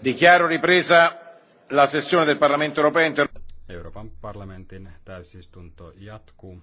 Dichiaro ripresa la sessione del Parlamento europeo. Euroopan parlamentin täysistunto jatkuu.